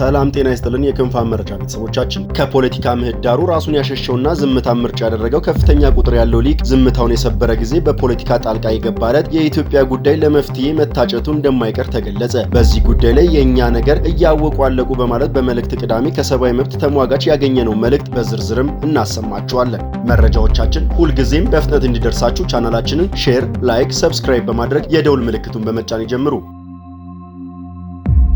ሰላም ጤና ይስጥልን። የክንፋን መረጃ ቤተሰቦቻችን ከፖለቲካ ምህዳሩ ራሱን ያሸሸውና ዝምታን ምርጫ ያደረገው ከፍተኛ ቁጥር ያለው ሊቅ ዝምታውን የሰበረ ጊዜ በፖለቲካ ጣልቃ የገባለት የኢትዮጵያ ጉዳይ ለመፍትሄ መታጨቱ እንደማይቀር ተገለጸ። በዚህ ጉዳይ ላይ የእኛ ነገር እያወቁ አለቁ በማለት በመልእክት ቅዳሜ ከሰብአዊ መብት ተሟጋች ያገኘነው መልእክት በዝርዝርም እናሰማችኋለን። መረጃዎቻችን ሁልጊዜም በፍጥነት እንዲደርሳችሁ ቻናላችንን ሼር፣ ላይክ፣ ሰብስክራይብ በማድረግ የደውል ምልክቱን በመጫን ይጀምሩ።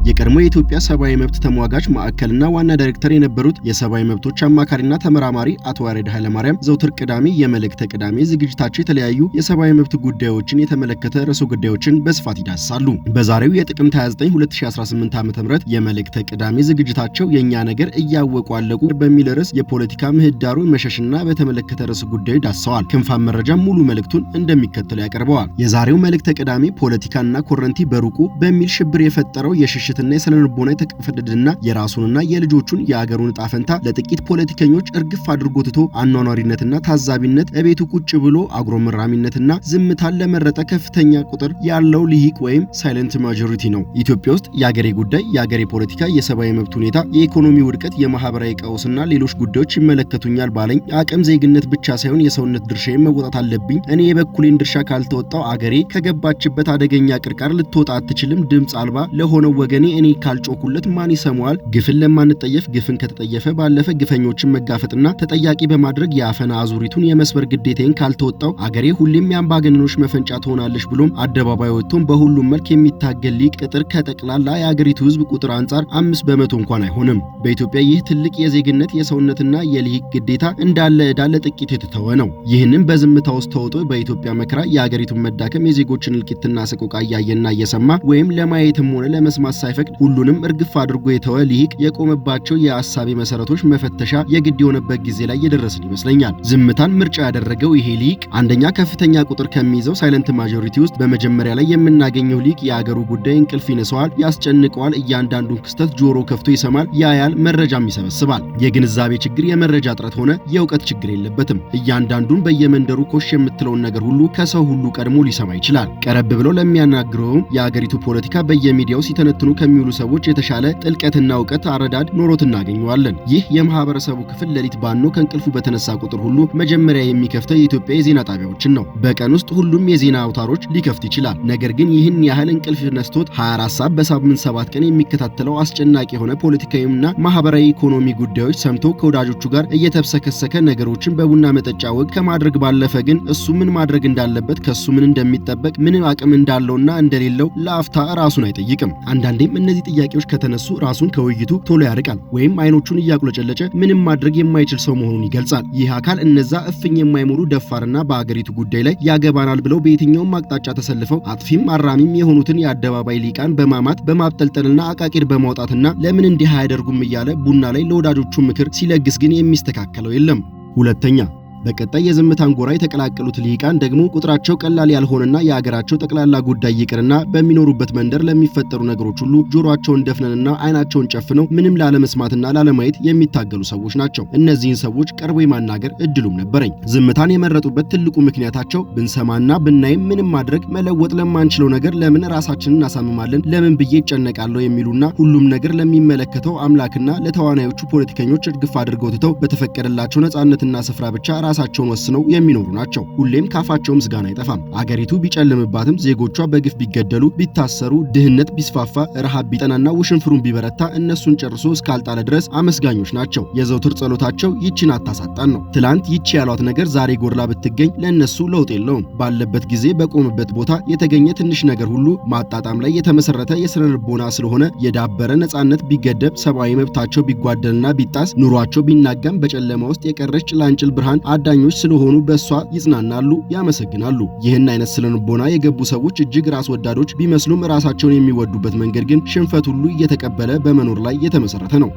የቀድሞ የኢትዮጵያ ሰብአዊ መብት ተሟጋች ማዕከልና ዋና ዳይሬክተር የነበሩት የሰብአዊ መብቶች አማካሪና ተመራማሪ አቶ ያሬድ ኃይለማርያም ዘውትር ቅዳሜ የመልእክተ ቅዳሜ ዝግጅታቸው የተለያዩ የሰብአዊ መብት ጉዳዮችን የተመለከተ ርዕሰ ጉዳዮችን በስፋት ይዳስሳሉ። በዛሬው የጥቅምት 29 2018 ዓ.ም የመልእክተ ቅዳሜ ዝግጅታቸው የእኛ ነገር እያወቁ አለቁ በሚል ርዕስ የፖለቲካ ምህዳሩ መሸሽና በተመለከተ ርዕሰ ጉዳዮች ዳስሰዋል። ክንፋን መረጃ ሙሉ መልእክቱን እንደሚከተለው ያቀርበዋል። የዛሬው መልእክተ ቅዳሜ ፖለቲካና ኮረንቲ በሩቁ በሚል ሽብር የፈጠረው የሽሽ የመሰልቸትና የስነ ልቦና የተቀፈደደና የራሱንና የልጆቹን የአገሩን እጣ ፈንታ ለጥቂት ፖለቲከኞች እርግፍ አድርጎ ትቶ አኗኗሪነትና ታዛቢነት እቤቱ ቁጭ ብሎ አጉረምራሚነትና ዝምታን ለመረጠ ከፍተኛ ቁጥር ያለው ልሂቅ ወይም ሳይለንት ማጆሪቲ ነው። ኢትዮጵያ ውስጥ የአገሬ ጉዳይ፣ የአገሬ ፖለቲካ፣ የሰብአዊ መብት ሁኔታ፣ የኢኮኖሚ ውድቀት፣ የማህበራዊ ቀውስና ሌሎች ጉዳዮች ይመለከቱኛል ባለኝ አቅም ዜግነት ብቻ ሳይሆን የሰውነት ድርሻዬን መወጣት አለብኝ። እኔ የበኩሌን ድርሻ ካልተወጣው አገሬ ከገባችበት አደገኛ ቅርቃር ልትወጣ አትችልም። ድምፅ አልባ ለሆነው ወገ እኔ እኔ ካልጮኩለት ማን ይሰማዋል? ግፍን ለማንጠየፍ ግፍን ከተጠየፈ ባለፈ ግፈኞችን መጋፈጥና ተጠያቂ በማድረግ የአፈና አዙሪቱን የመስበር ግዴታዬን ካልተወጣው አገሬ ሁሌም የአምባገነኖች መፈንጫ ትሆናለች ብሎም አደባባይ ወጥቶም በሁሉም መልክ የሚታገል ሊቅ ቅጥር ከጠቅላላ የአገሪቱ ህዝብ ቁጥር አንጻር አምስት በመቶ እንኳን አይሆንም። በኢትዮጵያ ይህ ትልቅ የዜግነት የሰውነትና የልሂቅ ግዴታ እንዳለ ዕዳ ለጥቂት የተተወ ነው። ይህንም በዝምታ ውስጥ ተውጦ በኢትዮጵያ መከራ የአገሪቱን መዳከም የዜጎችን እልቂትና ሰቆቃ እያየና እየሰማ ወይም ለማየትም ሆነ ለመስማት ሳይ ሳይፈቅድ ሁሉንም እርግፍ አድርጎ የተወ ሊቅ የቆመባቸው የአሳቤ መሰረቶች መፈተሻ የግድ የሆነበት ጊዜ ላይ የደረስን ይመስለኛል። ዝምታን ምርጫ ያደረገው ይሄ ሊቅ አንደኛ ከፍተኛ ቁጥር ከሚይዘው ሳይለንት ማጆሪቲ ውስጥ በመጀመሪያ ላይ የምናገኘው ሊቅ የአገሩ ጉዳይ እንቅልፍ ይነሰዋል፣ ያስጨንቀዋል፣ እያንዳንዱን ክስተት ጆሮ ከፍቶ ይሰማል፣ ያያል፣ መረጃም ይሰበስባል። የግንዛቤ ችግር የመረጃ እጥረት ሆነ የእውቀት ችግር የለበትም። እያንዳንዱን በየመንደሩ ኮሽ የምትለውን ነገር ሁሉ ከሰው ሁሉ ቀድሞ ሊሰማ ይችላል። ቀረብ ብለው ለሚያናግረውም የአገሪቱ ፖለቲካ በየሚዲያው ሲተነትኑ ከሚውሉ ሰዎች የተሻለ ጥልቀትና እውቀት አረዳድ ኖሮት እናገኘዋለን። ይህ የማህበረሰቡ ክፍል ሌሊት ባኖ ከእንቅልፉ በተነሳ ቁጥር ሁሉ መጀመሪያ የሚከፍተው የኢትዮጵያ የዜና ጣቢያዎችን ነው። በቀን ውስጥ ሁሉም የዜና አውታሮች ሊከፍት ይችላል። ነገር ግን ይህን ያህል እንቅልፍ ነስቶት 24 ሰዓት በሳምንት ሰባት ቀን የሚከታተለው አስጨናቂ የሆነ ፖለቲካዊና ማህበራዊ ኢኮኖሚ ጉዳዮች ሰምቶ ከወዳጆቹ ጋር እየተብሰከሰከ ነገሮችን በቡና መጠጫ ወቅት ከማድረግ ባለፈ ግን እሱ ምን ማድረግ እንዳለበት ከሱ ምን እንደሚጠበቅ ምን አቅም እንዳለውና እንደሌለው ለአፍታ ራሱን አይጠይቅም። አንዳንዴም እነዚህ ጥያቄዎች ከተነሱ ራሱን ከውይይቱ ቶሎ ያርቃል ወይም አይኖቹን እያቁለጨለጨ ምንም ማድረግ የማይችል ሰው መሆኑን ይገልጻል። ይህ አካል እነዛ እፍኝ የማይሞሉ ደፋርና በአገሪቱ ጉዳይ ላይ ያገባናል ብለው በየትኛውም አቅጣጫ ተሰልፈው አጥፊም አራሚም የሆኑትን የአደባባይ ሊቃን በማማት በማብጠልጠልና አቃቂር በማውጣትና ለምን እንዲህ አያደርጉም እያለ ቡና ላይ ለወዳጆቹ ምክር ሲለግስ ግን የሚስተካከለው የለም። ሁለተኛ በቀጣይ የዝምታን ጎራ የተቀላቀሉት ልሂቃን ደግሞ ቁጥራቸው ቀላል ያልሆነና የአገራቸው ጠቅላላ ጉዳይ ይቅርና በሚኖሩበት መንደር ለሚፈጠሩ ነገሮች ሁሉ ጆሮአቸውን ደፍነንና አይናቸውን ጨፍነው ምንም ላለመስማትና ላለማየት የሚታገሉ ሰዎች ናቸው። እነዚህን ሰዎች ቀርቦ የማናገር እድሉም ነበረኝ። ዝምታን የመረጡበት ትልቁ ምክንያታቸው ብንሰማና ብናይም ምንም ማድረግ መለወጥ ለማንችለው ነገር ለምን ራሳችንን እናሳምማለን? ለምን ብዬ ይጨነቃለሁ? የሚሉና ሁሉም ነገር ለሚመለከተው አምላክና ለተዋናዮቹ ፖለቲከኞች እድግፍ አድርገው ትተው በተፈቀደላቸው ነጻነትና ስፍራ ብቻ ራሳቸውን ወስነው የሚኖሩ ናቸው። ሁሌም ካፋቸው ምስጋና አይጠፋም። አገሪቱ ቢጨልምባትም፣ ዜጎቿ በግፍ ቢገደሉ፣ ቢታሰሩ፣ ድህነት ቢስፋፋ፣ ረሃብ ቢጠናና ውሽንፍሩን ቢበረታ እነሱን ጨርሶ እስካልጣለ ድረስ አመስጋኞች ናቸው። የዘውትር ጸሎታቸው ይችን አታሳጣን ነው። ትላንት ይቺ ያሏት ነገር ዛሬ ጎድላ ብትገኝ ለእነሱ ለውጥ የለውም። ባለበት ጊዜ በቆመበት ቦታ የተገኘ ትንሽ ነገር ሁሉ ማጣጣም ላይ የተመሰረተ የስነ ልቦና ስለሆነ የዳበረ ነጻነት ቢገደብ፣ ሰብአዊ መብታቸው ቢጓደልና ቢጣስ፣ ኑሯቸው ቢናጋም፣ በጨለማ ውስጥ የቀረች ጭላንጭል ብርሃን ጓዳኞች ስለሆኑ በእሷ ይጽናናሉ፣ ያመሰግናሉ። ይህን አይነት ስለንቦና የገቡ ሰዎች እጅግ ራስ ወዳዶች ቢመስሉም ራሳቸውን የሚወዱበት መንገድ ግን ሽንፈት ሁሉ እየተቀበለ በመኖር ላይ የተመሰረተ ነው።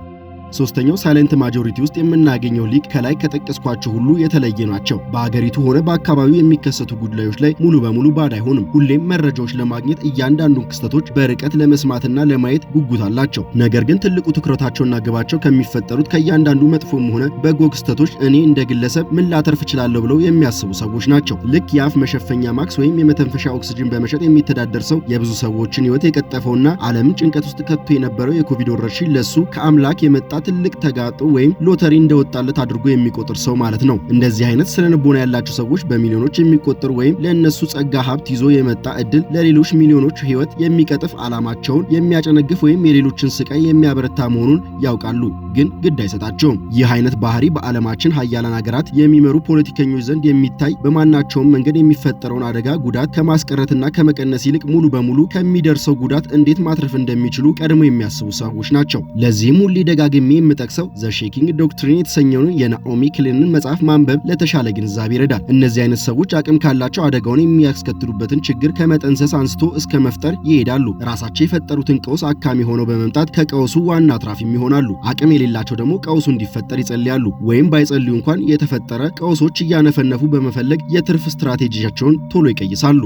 ሶስተኛው ሳይለንት ማጆሪቲ ውስጥ የምናገኘው ሊቅ ከላይ ከጠቀስኳቸው ሁሉ የተለየ ናቸው። በአገሪቱ ሆነ በአካባቢው የሚከሰቱ ጉዳዮች ላይ ሙሉ በሙሉ ባድ አይሆንም። ሁሌም መረጃዎች ለማግኘት እያንዳንዱን ክስተቶች በርቀት ለመስማትና ለማየት ጉጉት አላቸው። ነገር ግን ትልቁ ትኩረታቸውና ግባቸው ከሚፈጠሩት ከእያንዳንዱ መጥፎም ሆነ በጎ ክስተቶች እኔ እንደ ግለሰብ ምን ላተርፍ እችላለሁ ብለው የሚያስቡ ሰዎች ናቸው። ልክ የአፍ መሸፈኛ ማክስ ወይም የመተንፈሻ ኦክስጅን በመሸጥ የሚተዳደር ሰው የብዙ ሰዎችን ህይወት የቀጠፈውና ዓለምን ጭንቀት ውስጥ ከቶ የነበረው የኮቪድ ወረርሽኝ ለሱ ከአምላክ የመጣ ትልቅ ተጋጦ ወይም ሎተሪ እንደወጣለት አድርጎ የሚቆጥር ሰው ማለት ነው። እንደዚህ አይነት ስነ ልቦና ያላቸው ሰዎች በሚሊዮኖች የሚቆጠሩ ወይም ለእነሱ ጸጋ ሀብት ይዞ የመጣ እድል ለሌሎች ሚሊዮኖች ህይወት የሚቀጥፍ ዓላማቸውን የሚያጨነግፍ ወይም የሌሎችን ስቃይ የሚያበረታ መሆኑን ያውቃሉ፣ ግን ግድ አይሰጣቸውም። ይህ አይነት ባህሪ በዓለማችን ሀያላን ሀገራት የሚመሩ ፖለቲከኞች ዘንድ የሚታይ በማናቸውም መንገድ የሚፈጠረውን አደጋ ጉዳት ከማስቀረትና ከመቀነስ ይልቅ ሙሉ በሙሉ ከሚደርሰው ጉዳት እንዴት ማትረፍ እንደሚችሉ ቀድሞ የሚያስቡ ሰዎች ናቸው። ለዚህም ሁሌ ደጋግሜ ደግሜ የምጠቅሰው ዘ ሼኪንግ ዶክትሪን የተሰኘውን የናኦሚ ክሊንን መጽሐፍ ማንበብ ለተሻለ ግንዛቤ ይረዳል። እነዚህ አይነት ሰዎች አቅም ካላቸው አደጋውን የሚያስከትሉበትን ችግር ከመጠንሰስ አንስቶ እስከ መፍጠር ይሄዳሉ። ራሳቸው የፈጠሩትን ቀውስ አካሚ ሆነው በመምጣት ከቀውሱ ዋና አትራፊም ይሆናሉ። አቅም የሌላቸው ደግሞ ቀውሱ እንዲፈጠር ይጸልያሉ፣ ወይም ባይጸልዩ እንኳን የተፈጠረ ቀውሶች እያነፈነፉ በመፈለግ የትርፍ ስትራቴጂያቸውን ቶሎ ይቀይሳሉ።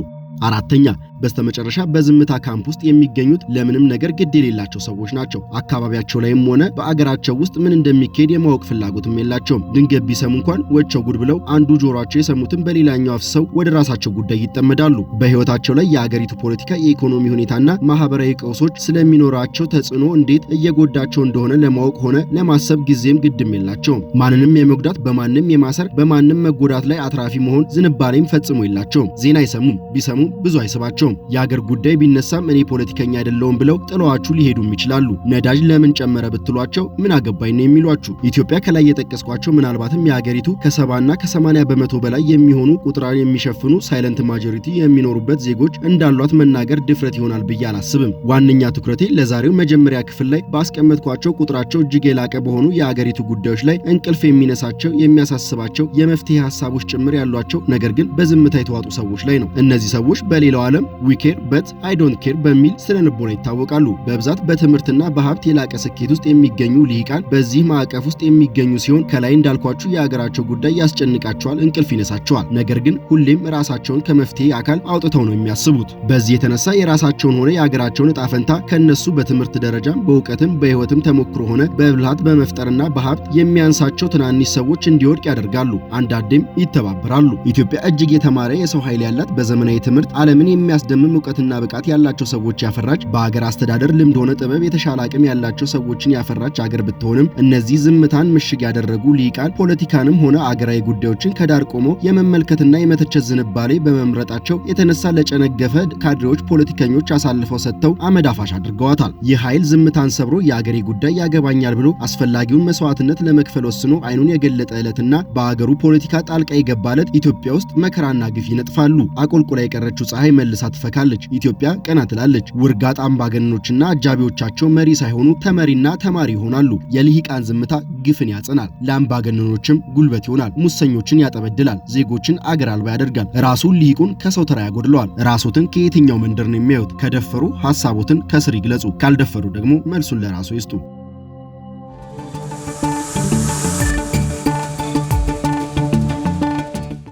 አራተኛ በስተመጨረሻ በዝምታ ካምፕ ውስጥ የሚገኙት ለምንም ነገር ግድ የሌላቸው ሰዎች ናቸው። አካባቢያቸው ላይም ሆነ በአገራቸው ውስጥ ምን እንደሚካሄድ የማወቅ ፍላጎትም የላቸውም። ድንገት ቢሰሙ እንኳን ወቸው ጉድ ብለው አንዱ ጆሯቸው የሰሙትን በሌላኛው አፍሰው ወደ ራሳቸው ጉዳይ ይጠመዳሉ። በህይወታቸው ላይ የአገሪቱ ፖለቲካ፣ የኢኮኖሚ ሁኔታና ማህበራዊ ቀውሶች ስለሚኖራቸው ተጽዕኖ እንዴት እየጎዳቸው እንደሆነ ለማወቅ ሆነ ለማሰብ ጊዜም ግድም የላቸውም። ማንንም የመጉዳት በማንም የማሰር በማንም መጎዳት ላይ አትራፊ መሆን ዝንባሌም ፈጽሞ የላቸውም። ዜና አይሰሙም። ቢሰሙ ብዙ አይስባቸውም። የአገር ጉዳይ ቢነሳም እኔ ፖለቲከኛ አይደለውም ብለው ጥለዋችሁ ሊሄዱም ይችላሉ። ነዳጅ ለምን ጨመረ ብትሏቸው ምን አገባኝ ነው የሚሏችሁ። ኢትዮጵያ ከላይ የጠቀስኳቸው ምናልባትም የአገሪቱ ከሰባና ከሰማንያ በመቶ በላይ የሚሆኑ ቁጥራን የሚሸፍኑ ሳይለንት ማጆሪቲ የሚኖሩበት ዜጎች እንዳሏት መናገር ድፍረት ይሆናል ብዬ አላስብም። ዋነኛ ትኩረቴ ለዛሬው መጀመሪያ ክፍል ላይ ባስቀመጥኳቸው ቁጥራቸው እጅግ የላቀ በሆኑ የአገሪቱ ጉዳዮች ላይ እንቅልፍ የሚነሳቸው የሚያሳስባቸው የመፍትሄ ሀሳቦች ጭምር ያሏቸው ነገር ግን በዝምታ የተዋጡ ሰዎች ላይ ነው። እነዚህ ሰዎች በሌላው ዓለም ዊኬር በት አይዶንት ኬር በሚል ስነ ልቦና ይታወቃሉ። በብዛት በትምህርትና በሀብት የላቀ ስኬት ውስጥ የሚገኙ ልሂቃን በዚህ ማዕቀፍ ውስጥ የሚገኙ ሲሆን ከላይ እንዳልኳችሁ የአገራቸው ጉዳይ ያስጨንቃቸዋል፣ እንቅልፍ ይነሳቸዋል። ነገር ግን ሁሌም ራሳቸውን ከመፍትሄ አካል አውጥተው ነው የሚያስቡት። በዚህ የተነሳ የራሳቸውን ሆነ የአገራቸውን እጣ ፈንታ ከነሱ በትምህርት ደረጃም በእውቀትም በህይወትም ተሞክሮ ሆነ በብልሃት በመፍጠርና በሀብት የሚያንሳቸው ትናንሽ ሰዎች እንዲወድቅ ያደርጋሉ። አንዳንዴም ይተባበራሉ። ኢትዮጵያ እጅግ የተማረ የሰው ኃይል ያላት በዘመናዊ ትምህርት ትምህርት ዓለምን የሚያስደምም እውቀትና ብቃት ያላቸው ሰዎች ያፈራች፣ በአገር አስተዳደር ልምድ ሆነ ጥበብ የተሻለ አቅም ያላቸው ሰዎችን ያፈራች አገር ብትሆንም እነዚህ ዝምታን ምሽግ ያደረጉ ሊቃን ፖለቲካንም ሆነ አገራዊ ጉዳዮችን ከዳር ቆሞ የመመልከትና የመተቸት ዝንባሌ በመምረጣቸው የተነሳ ለጨነገፈ ካድሬዎች፣ ፖለቲከኞች አሳልፈው ሰጥተው አመዳፋሽ አድርገዋታል። ይህ ኃይል ዝምታን ሰብሮ የአገሬ ጉዳይ ያገባኛል ብሎ አስፈላጊውን መስዋዕትነት ለመክፈል ወስኖ አይኑን የገለጠ ዕለትና በአገሩ ፖለቲካ ጣልቃ የገባ ዕለት ኢትዮጵያ ውስጥ መከራና ግፍ ይነጥፋሉ። አቆልቁላ የቀረ የጀመረችው ፀሐይ መልሳ ትፈካለች። ኢትዮጵያ ቀና ትላለች። ውርጋጥ አምባገነኖችና አጃቢዎቻቸው መሪ ሳይሆኑ ተመሪና ተማሪ ይሆናሉ። የልሂቃን ዝምታ ግፍን ያጸናል፣ ለአምባገነኖችም ጉልበት ይሆናል። ሙሰኞችን ያጠበድላል፣ ዜጎችን አገር አልባ ያደርጋል። ራሱን ልሂቁን ከሰው ተራ ያጎድለዋል። ራሶትን ከየትኛው መንደር ነው የሚያዩት? ከደፈሩ ሀሳቦትን ከስር ይግለጹ፣ ካልደፈሩ ደግሞ መልሱን ለራሱ ይስጡ።